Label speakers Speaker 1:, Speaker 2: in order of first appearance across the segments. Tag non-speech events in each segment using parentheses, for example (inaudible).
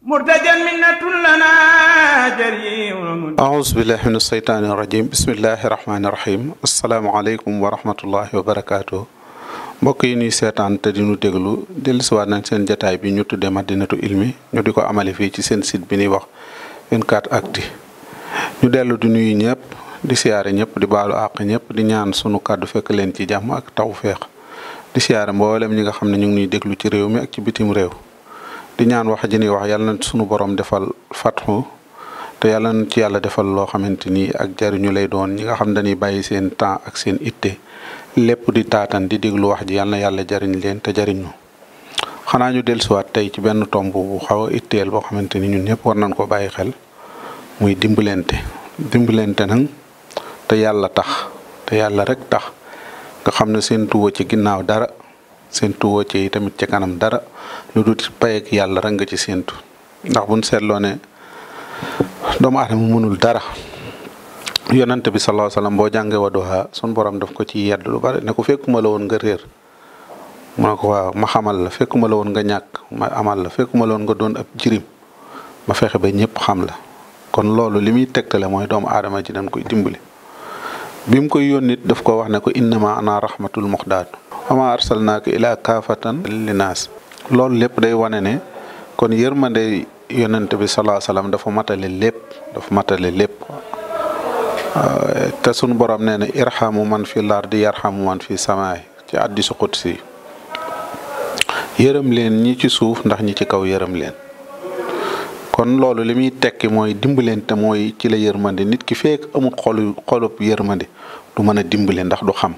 Speaker 1: murtajan minnatun lana jariun aousu billahi min asheytaani irajim bismillahi rahmaani rahim mbokk yi ñuy seetaan te di ñu déglu dellusiwaat nañ seen jataay bi ñu tudde madinatu ilmi ñu di ko amale fii ci seen sit bi ñuy wax 24 actu ñu dellu di nuyu ñëpp di siyaare ñëpp di baalu àq ñëpp di ñaan sunu kàddu fekk leen ci jàmm ak tawféex di siyaare mboolem ñi nga xam ne ñu ngi ñuy déglu ci réew mi ak ci bitim réew di ñaan wax ji ni wax yàlla na sunu borom defal fatxu te yàlla na ci yàlla defal loo xamante ni ak jariñu lay doon ñi nga xam dañuy bàyyi seen temps ak seen itte lépp di taatan di déglu wax ji yàlla na yàlla jariñ leen te jariñu xanaa ñu dellusiwaat tey ci benn tomb bu xaw a itteel boo xamante ni ñun ñëpp war nañ ko bàyyi xel muy dimbalante dimbalante nag te yàlla tax te yàlla rek tax nga xam ne seen tuwa ci ginnaaw dara séentu woo ci tamit ci dara lu dul payeeg yàlla rek nga ci séentu ndax buñ seetloo ne doomu aadama mënul dara yonante bi sallallahu alayhi wasallam boo jàngee Wadduha sun borom def ko ci yedd lu bari ne ko fekkuma la woon nga réer mu ne ko waaw ma xamal la fekkuma la woon nga ñàkk ma amal la fekkuma la woon nga doon ab jirim ma fexe ba ñëpp xam la kon loolu li muy tegtale mooy doomu aadama ji dañ koy dimbali bi mu koy yónnit daf ko wax ne ko innama ana rahmatul muxdaatu wama arsalnaaka ilaa kaafatan linaas loolu lépp day wane ne kon yërmande yonent bi salaa salaam dafa matale lépp dafa matale lépp te sunu borom nee na irhamu man fi lardi yarhamu man fi samaay ci hadiisu si yërëm leen ñi ci suuf ndax ñi ci kaw yërëm leen kon loolu li muy tekki mooy te mooy ci la yërmande nit ki fekk amul xolu xolub du mën a dimbale ndax du xam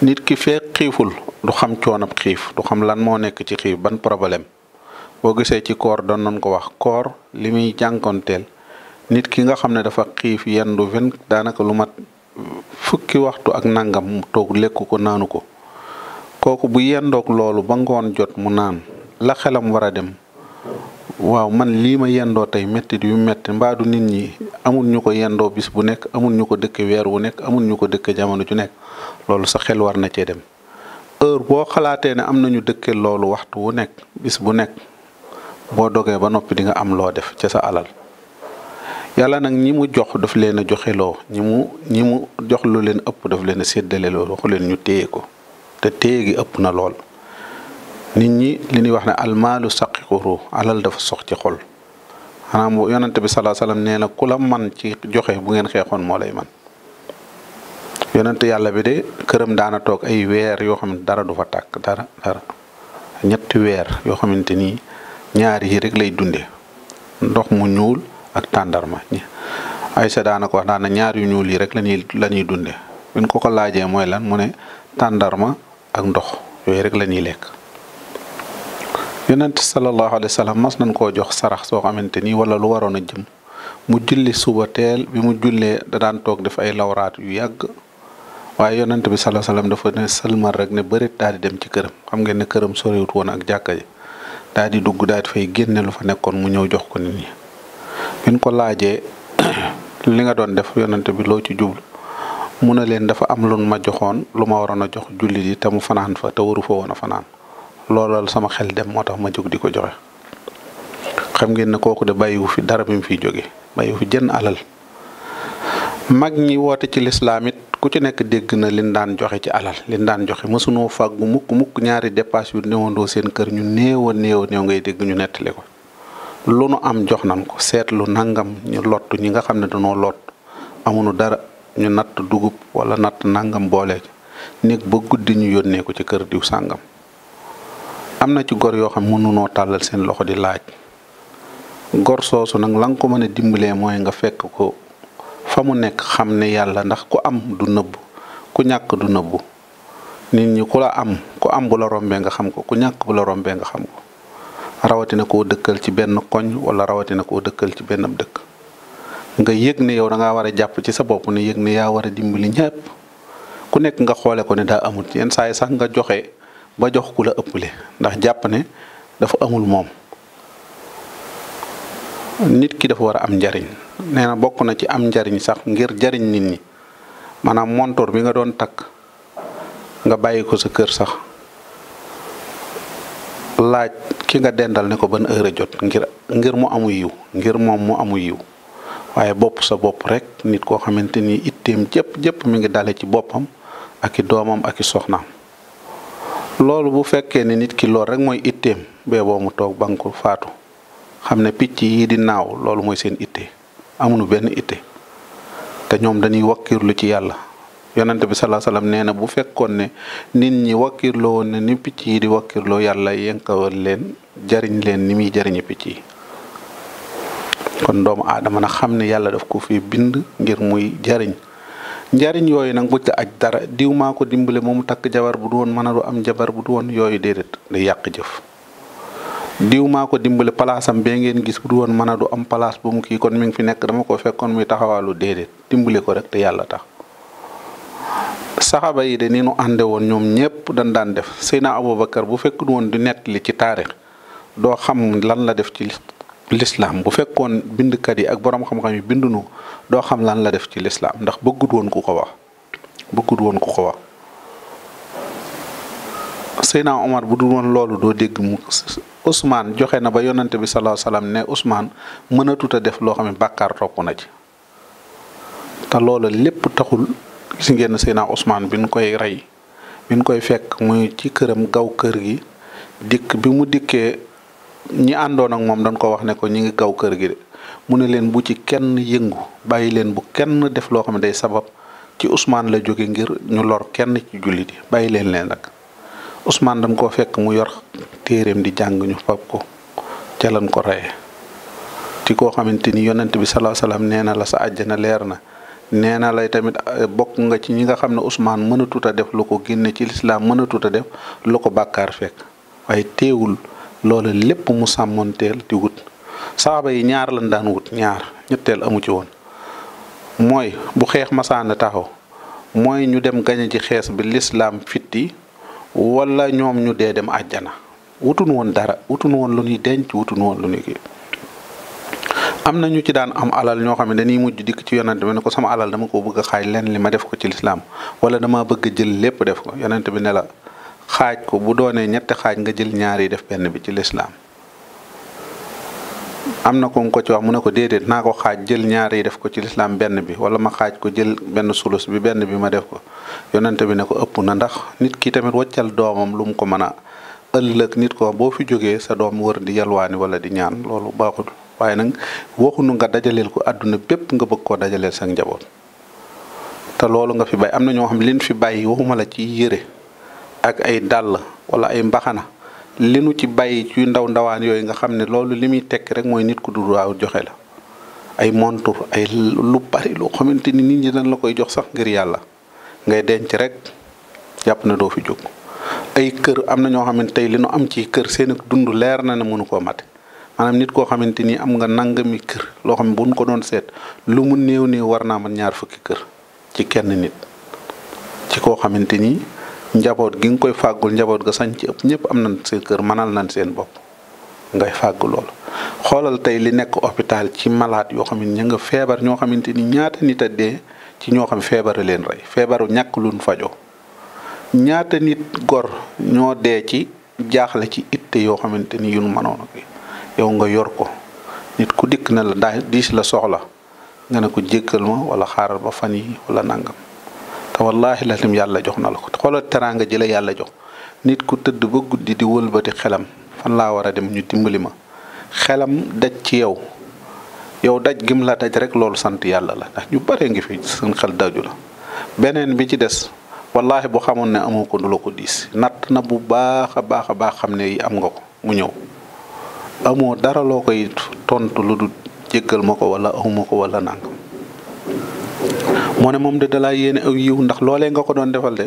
Speaker 1: nit ki feek xiiful du xam coonab xiif du xam lan moo nekk ci xiif ban problème boo gisee ci koor doon nañ ko wax koor li muy jànkonteel nit ki nga xam ne dafa xiif yendu vingt daanaka lu mat fukki waxtu ak nangam toog lekk ko naanu ko kooku bu yendoog loolu ba ngoon jot mu naan la xelam war a dem waaw man lii ma yendoo tey méttit yu métti mbaadu nit ñi amul ñu ko yendoo bis bu nekk amul ñu ko dëkk weer wu nekk amul ñu ko dëkk jamono ju nekk loolu sa xel war na cee dem heure boo xalaatee ne am nañu dëkke loolu waxtu wu nekk bis bu nekk boo dogee ba noppi di nga am loo def ca sa alal yàlla nag ñi mu jox daf leen joxeloo ñi mu ñi mu jox lu leen ëpp daf leen a séddale loolu waxu leen ñu téye ko te téye gi ëpp na lool nit ñi li ñuy wax ne almaalu saqiquru alal dafa sox ci xol xanaa mu yonante bi salaa salaam nee na ku la man ci joxe bu ngeen xeexoon moo lay man yonante yàlla bi de këram daana toog ay weer yoo xam ne dara du fa tàkk dara ñetti weer yoo xamante ni ñaari yi rek lay dunde ndox mu ñuul ak tàndarma Aysa daana ko wax daana ñaar yu ñuul yi rek lañuy la ñuy dunde buñ ko laajee mooy lan mu ne tàndarma ak ndox yooyu rek la ñuy lekk yonent sallallahu alayhi wa mas nañ koo jox sarax soo xamante ni wala lu waroon a jëm mu julli suba teel bi mu jullee da daan toog def ay lawraat yu yàgg waaye yonent bi sallallahu alayhi dafa ne sëlmal rek ne bërit daal di dem ci këram xam ngeen ne këram soriwut woon ak jàkka ji daal di dugg daal di fay génne lu fa nekkoon mu ñëw jox ko nit ñi biñ ko laajee (clears throat) li nga doon def yonent bi loo ci jublu mu ne leen dafa am lu ma joxoon lu ma waroon a jox jullit yi te mu fanaan waru fa woon a fanaan. loolal sama xel dem moo tax ma jóg di ko joxe xam ngeen ne kooku de bàyyiwu fi dara bi mu fiy jóge bàyyiwu fi jën alal mag ñi woote ci lislaam it ku ci nekk dégg na liñ daan joxe ci alal liñ daan joxe mësunoo fàggu mukk mukk ñaari dépasse yu newandoo seen kër ñu néew a néew néew ngay dégg ñu nettali ko lu nu am jox nañ ko seetlu nangam ñu lottu ñi nga xam ne dañoo lot amuñu dara ñu natt dugub wala natt nangam boole ci néeg ba guddi ñu yónnee ko ci kër diw sàngam am na ci gor yoo xam mënunoo tàllal seen loxo di laaj gor soosu nag la nga ko mën a dimbalee mooy nga fekk ko fa mu nekk xam ne yàlla ndax ku am du nëbb ku ñàkk du nëbbu nit ñi ku la am ku am bu la rombee nga xam ko ku ñàkk bu la rombee nga xam ko rawatina koo dëkkal ci benn koñ wala rawatina koo dëkkal ci benn dëkk nga yëg ne yow da ngaa war a jàpp ci sa bopp ne yëg ne yaa war a dimbali ñëpp ku nekk nga xoole ko ne daa amul yenn saa sax nga joxe ba jox ku la ëppale ndax jàpp ne dafa amul moom nit ki dafa war a am njariñ nee na bokk na ci am njariñ sax ngir jariñ nit ñi maanaam montor bi nga doon takk nga bàyyi ko sa kër sax laaj ki nga dendal ne ko ban heure jot ngir ngir mu amu yiw ngir moom mu amu yiw waaye bopp sa bopp rek nit koo xamante ni itteem jëpp jëpp mu ngi dale ci boppam aki doomam ak i soxnaam loolu bu fekkee ne nit ki loolu rek mooy itteem bee boo mu toog banku faatu xam ne picc yi di naaw loolu mooy seen itte amuñu benn itte te ñoom dañuy wakkirlu ci yàlla yonent bi salaa salaam nee na bu fekkoon ne nit ñi wakkirloo woon ne ni picc yi di wakkirloo yàlla yenkawal leen jariñ leen ni muy jariñi picc yi kon doomu aadama na xam ne yàlla def ko fi bind ngir muy jariñ njariñ yooyu nag bu ci aj dara diw maa ko dimbale mu takk jabar bu du woon mën a du am jabar bu du woon yooyu déedéet day yàq jëf diw maa ko dimbale palaasam bee ngeen gis bu du woon mën a du am palaas bu mu kii kon mi ngi fi nekk dama ko fekkoon muy taxawaalu déedéet dimbale ko rek te yàlla tax saxaba yi de ni nu àndee woon ñoom ñépp dañ daan def Seydina kër bu fekk woon di nettali ci taarix doo xam lan la def ci lislaam bu fekkoon bindkat yi ak boroom xam-xam yi bindunu doo xam lan la def ci lislaam ndax bëggut woon ku ko wax bëggut woon ko wax bu dul woon loolu doo dégg mu Ousmane joxe na ba yonante bi salaahu salaam ne Ousmane mënatut a def loo xam ne bàkkaar topp na ci te loola lépp taxul gis ngeen Seyna Ousmane bi ñu koy rey bi koy fekk muy ci këram gaw kër gi dikk bi mu dikkee ñi àndoon ak moom dañ ko wax ne ko ñi ngi kaw kër gi de mu ne leen bu ci kenn yëngu bàyyi leen bu kenn def loo xam ne day sabab ci usmaan la jóge ngir ñu lor kenn ci jullit yi bàyyi leen leen nag Ousmane dañ koo fekk mu yor téeréem di jàng ñu fab ko ca ko reye ci koo xamante ni yonent bi salaa salaam nee na la sa àjjana leer na nee na lay tamit eh, bokk nga ci ñi nga xam ne Ousmane mën a def lu ko génne ci lislaam mën a tuta def lu ko bàkkaar fekk waaye teewul loola lépp mu sàmmoonteel di wut saaba yi ñaar lañ daan wut ñaar ñetteel amu ci woon mooy bu xeex masaana taxaw mooy ñu dem gañe ci xees bi lislaam fitti wala ñoom ñu dee dem àjjana wutun woon dara wutun woon lu ñuy denc wutun woon lu ñuy kii am na ñu ci daan am alal ñoo xam ne dañuy mujj dikk ci yonante bi ne ko sama alal dama ko bëgg a xaaj lenn li ma def ko ci lislaam wala dama bëgg jël lépp def ko yonante bi ne la xaaj ko bu doonee ñetti xaaj nga jël ñaari def benn bi ci lislaam am na ko ko ci wax mu ne ko déedéet naa ko xaaj jël ñaari def ko ci lislaam benn bi wala ma xaaj ko jël benn sulus bi benn bi ma def ko yonente bi ne ko ëpp na ndax nit ki tamit woccal doomam lu mu ko mën a ëllëg nit ko boo fi jógee sa doom wër di yalwaani wala di ñaan loolu baaxul waaye nag waxunu nga dajaleel ko àdduna bépp nga bëgg koo dajaleel sa njaboot te loolu nga fi bàyyi am na ñoo xam ne fi bàyyi waxuma la ci yére ak ay dàll wala ay mbaxana li nu ci bàyyi ci ndaw ndawaan yooyu nga xam ne loolu li muy tekk rek mooy nit ku dul waaw joxe la ay montur ay lu bari loo xamante ni nit ñi dañ la koy jox sax ngir yàlla ngay denc rek jàpp na doo fi jóg ay kër am na ñoo xamante tey li nu am ci kër seen dund leer na ne mënu koo mat maanaam nit koo xamante ni am nga nangami kër loo xam ne buñ ko doon seet lu mu néew néew war naa man ñaar fukki kër ci kenn nit ci koo njaboot gi nga koy fàggul njaboot ga sañ ci ëpp ñëpp am na seen kër mënal nañ seen bopp ngay fàgg loolu xoolal tey li nekk hôpital ci malaat yoo xam ne ñu nga feebar ñoo xamante ni ñaata nit a dee ci ñoo xam feebare leen rey feebaru ñàkk luñ fajoo ñaata nit gor ñoo dee ci jaaxle ci itte yoo xamante ni yun mënoon ak yow nga yor ko nit ku dikk na la daa diis la soxla nga ne ko jéggal ma wala xaaral ba fan yi wala nangam te wallaahi latim yàlla jox na la ko xoolal teraanga ji yàlla jox nit ku tëdd ba guddi di wëlbati xelam fan laa war a dem ñu dimbali ma xelam daj ci yow yow daj gim la daj rek loolu sant yàlla la ndax ñu bare ngi fi seen xel daju la beneen bi ci des wallaahi bu xamoon ne amuko ko la ko diis natt na bu baax a baax a baax xam ne yi am nga ko mu ñëw amoo dara loo koy tontu lu du jéggal ma ko wala awma ko wala nang moo ne moom de dalaa yéene aw yiw ndax loolee nga ko doon defal de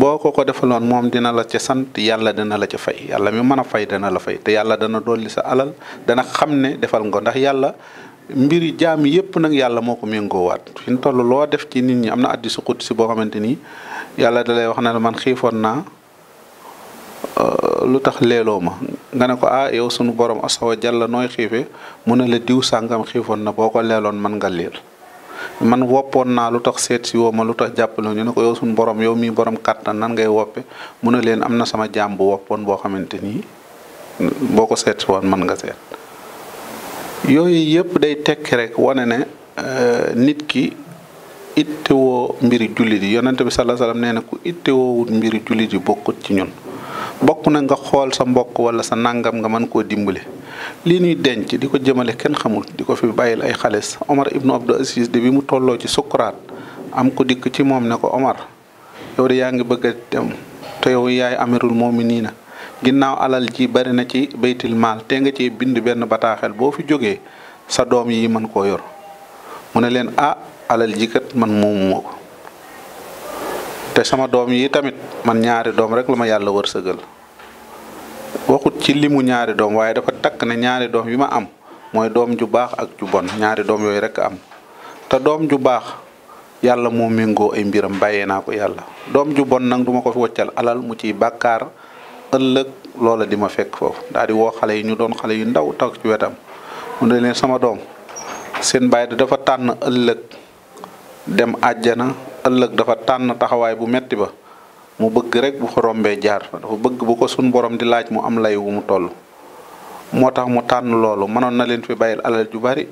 Speaker 1: boo ko ko defaloon moom dina la ca sant yàlla dana la ca fay yàlla mi mën a fay dana la fay te yàlla dana dolli sa alal dana xam ne defal nga ndax yàlla mbiri jaam yépp nag yàlla moo ko méngoowaat fi mu toll loo def ci nit ñi am na addi suqut boo xamante ni yàlla dalay wax na la man xiifoon naa euh, lu tax leeloo ma nga ne ko ah yow sunu borom asawa jàlla nooy xiife mu ne la diw sàngam xiifoon na boo ko leeloon mën nga liir man woppoon naa lu tax seet si woo a lu tax jàppale ñu ne ko yow suñu borom yow mii borom kàttan nan ngay woppe mu ne leen am na sama jaam bu woppoon boo xamante ni boo ko seet si woon mën nga seet yooyu yëpp day tekki rek wane ne eh, nit ki ittewoo mbiri jullit yi yonente bi sallallahu alayhi wasallam nee na ku ittewoowut mbiri jullit yi bokkut ci ñun bokk na nga xool sa mbokk wala sa nangam nga mën koo dimbali. lii ñuy denc di ko jëmale kenn xamul di ko fi bàyyil ay xaalis Omar ibnu Abdou Aziz de bi mu tolloo ci sukuraat am ko dikk ci moom ne ko Omar yow de yaa ngi bëgg a dem te yow yaay amirul muminina ginnaaw alal ji bari na ci baytil maal te nga cee bind benn bataaxel boo fi jógee sa doom yi mën koo yor mu ne leen ah alal ji man moomu ko te sama doom yi tamit man ñaari doom rek la ma yàlla war sëgal waxut ci limu ñaari doom waaye dafa takk na ñaari doom yi ma am mooy doom ju baax ak ju bon ñaari doom yooyu rek am te doom ju baax yàlla moo méngoo ay mbiram bàyyee naa ko yàlla doom ju bon nag duma ko fi alal mu ciy bàkkaar ëllëg loola di ma fekk foofu daal di woo xale yi ñu doon xale yu ndaw toog ci wetam mu ne leen sama doom seen bàyyi dafa tànn ëllëg dem àjjana ëllëg dafa tànn taxawaay bu metti ba mu bëgg rek bu ko rombee jaar fa dafa bëgg bu ko suñ borom di laaj mu am lay wu mu toll moo tax mu tànn loolu mënoon na leen fi bàyyil alal ju bari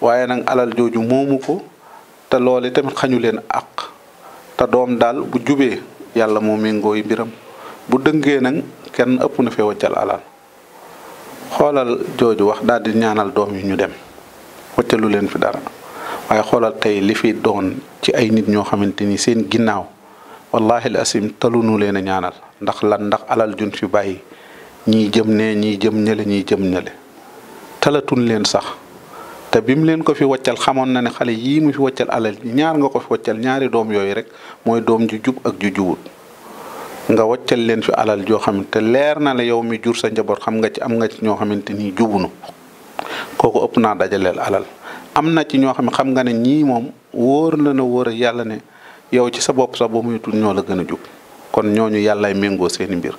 Speaker 1: waaye nag alal jooju moomu ko te looli tamit xañu leen àq te doom daal bu jubee yàlla moo méngooy mbiram bu dëngee nag kenn ëpp na fee waccal alal xoolal jooju wax daal di ñaanal doom yi ñu dem waccalu leen fi dara waaye xoolal tey li fi doon ci ay nit ñoo xamante ni seen ginnaaw wallahi asim talunu leen a ñaanal ndax lan ndax alal jun fi bàyyi ñii jëm ne ñii jëm ñële ñii jëm ñële talatun leen sax te bi mu leen ko fi waccal xamoon na ne xale yii mu fi waccal alal ñaar nga ko fi waccal ñaari doom yooyu rek mooy doom ju jub ak ju jubut nga waccal leen fi alal joo xamante leer na le yow mi jur sa njaboot xam nga ci am nga ci ñoo xamante ni jubunu kooku ëpp naa dajaleel alal am na ci ñoo xam nga ne ñii moom wóor la na wóor yàlla ne yow ci sa bopp sax boo muytul ñoo la gën a jub kon ñooñu yàllaay méngoo seeni mbir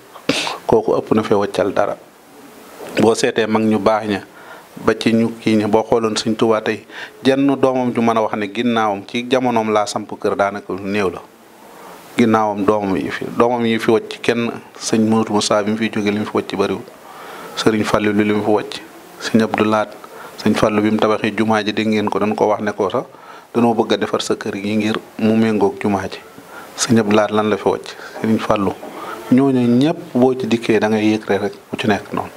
Speaker 1: kooku ëpp na fee waccal dara boo seetee mag ñu baax ña ba ci ñu kii ña boo xooloon Sëñ Tuubaa tey jenn doomam ju mën a wax ne ginnaawam ci jamonoom laa samp kër daanaka néew la ginnaawam doomam yi fi doomam yi fi wacc kenn sëñ Moodu Musaa bi mu fiy jóge li mu fi wacc bariwul sëriñ Fàllu li mu fi wacc sëñ Abdu Laat sëñ Fàllu bi mu tabaxee jumaa ji di ngeen ko dañ ko wax ne ko sax danoo bëgg a defar sa kër yi ngir mu méngoog jumaa ci sëñ Abdou Lahad lan la fi wàcc sëñ Fallou ñooñu ñëpp boo ci dikkee da ngay yëkkale rek bu ci nekk noonu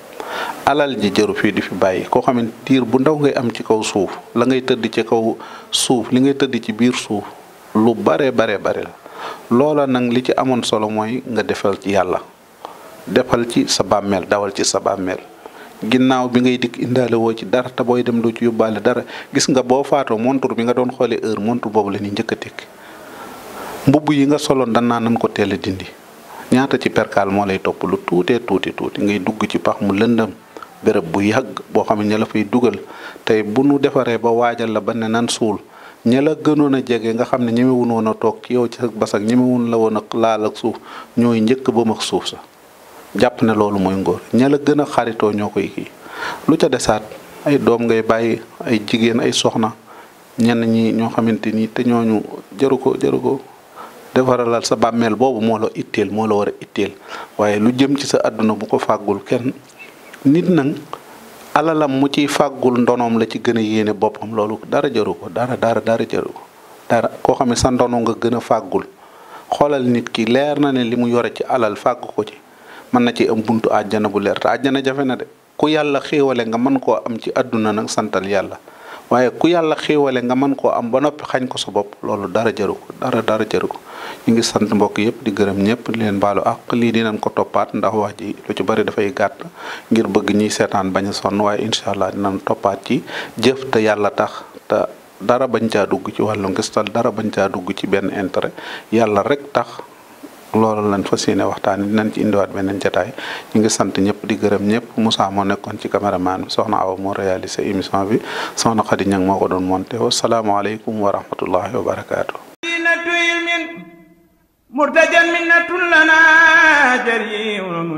Speaker 1: alal ji jëru fii di fi bàyyi koo xam tiir bu ndaw ngay am ci kaw suuf la ngay tëdd ci kaw suuf li ngay tëdd ci biir suuf lu bare bare bare la loola nag li ci amoon solo mooy nga defal ci yàlla defal ci sa bàmmeel dawal ci sa bàmmeel ginnaaw bi ngay dikk indaale woo ci dara te booy dem lu ci yóbbaale dara gis nga boo faatoo montre bi nga doon xoolee heure montre boobu la ñuy njëkk a tekki mbubb yi nga soloon dan naa nan ko teel a dindi ñaata ci perkaal moo lay topp lu tuutee tuuti tuuti ngay dugg ci pax mu lëndëm béréb bu yàgg boo xam ña la fay dugal tey bu nu defaree ba waajal la ba ne nan suul ña la gënoon a jege nga xam ne ñemewuñu woon a toog ci yow ci basak ñemewuñu la woon a laal ak suuf njëkk ba suuf sa jàpp ne loolu mooy ngóor ña la gën a xaritoo ñoo koy kii lu ca desaat ay doom ngay bàyyi ay jigéen ay soxna ñenn ñi ñoo xamante ni te ñooñu jaru ko jaru ko defaralal sa bàmmeel boobu moo la itteel moo la war a itteel waaye lu jëm ci sa àdduna bu ko fàggul kenn nit nag alalam mu ciy fàggul ndonoom la ci gën a yéene boppam loolu dara jaru ko dara dara dara jaru dara koo xam ne sa ndono nga gën a fàggul xoolal nit ki leer na ne li mu yore ci alal fàgg ko ci mën na ci am buntu àjjana bu leer te àjjana jafe na de ku yàlla xéewale nga mën koo am ci àdduna nag santal yàlla waaye ku yàlla xéewale nga mën koo am ba noppi xañ ko sa bopp loolu dara jaru ko dara dara jaru ko ñu ngi sant mbokk yëpp di gërëm ñëpp di leen baalu ak lii dinañ ko toppaat ndax wax ji lu ci bari dafay gàtt ngir bëgg ñuy seetaan bañ sonn waaye incha allah dinañ toppaat ci jëf te yàlla tax te dara bañ caa dugg ci wàllu ngistal dara bañ caa dugg ci benn intérêt yàlla rek tax loolu lañ fas yéene waxtaan dinañ ci indiwaat beneen jotaay ñu ngi sant ñëpp di gërëm ñëpp Moussa moo nekkoon ci caméraman bi soxna Awa moo réalisé émission bi soxna Khady Niang moo ko doon monté wa salaamualeykum wa rahmatullahi wa barakaatu. مرتجا منة لنا جريء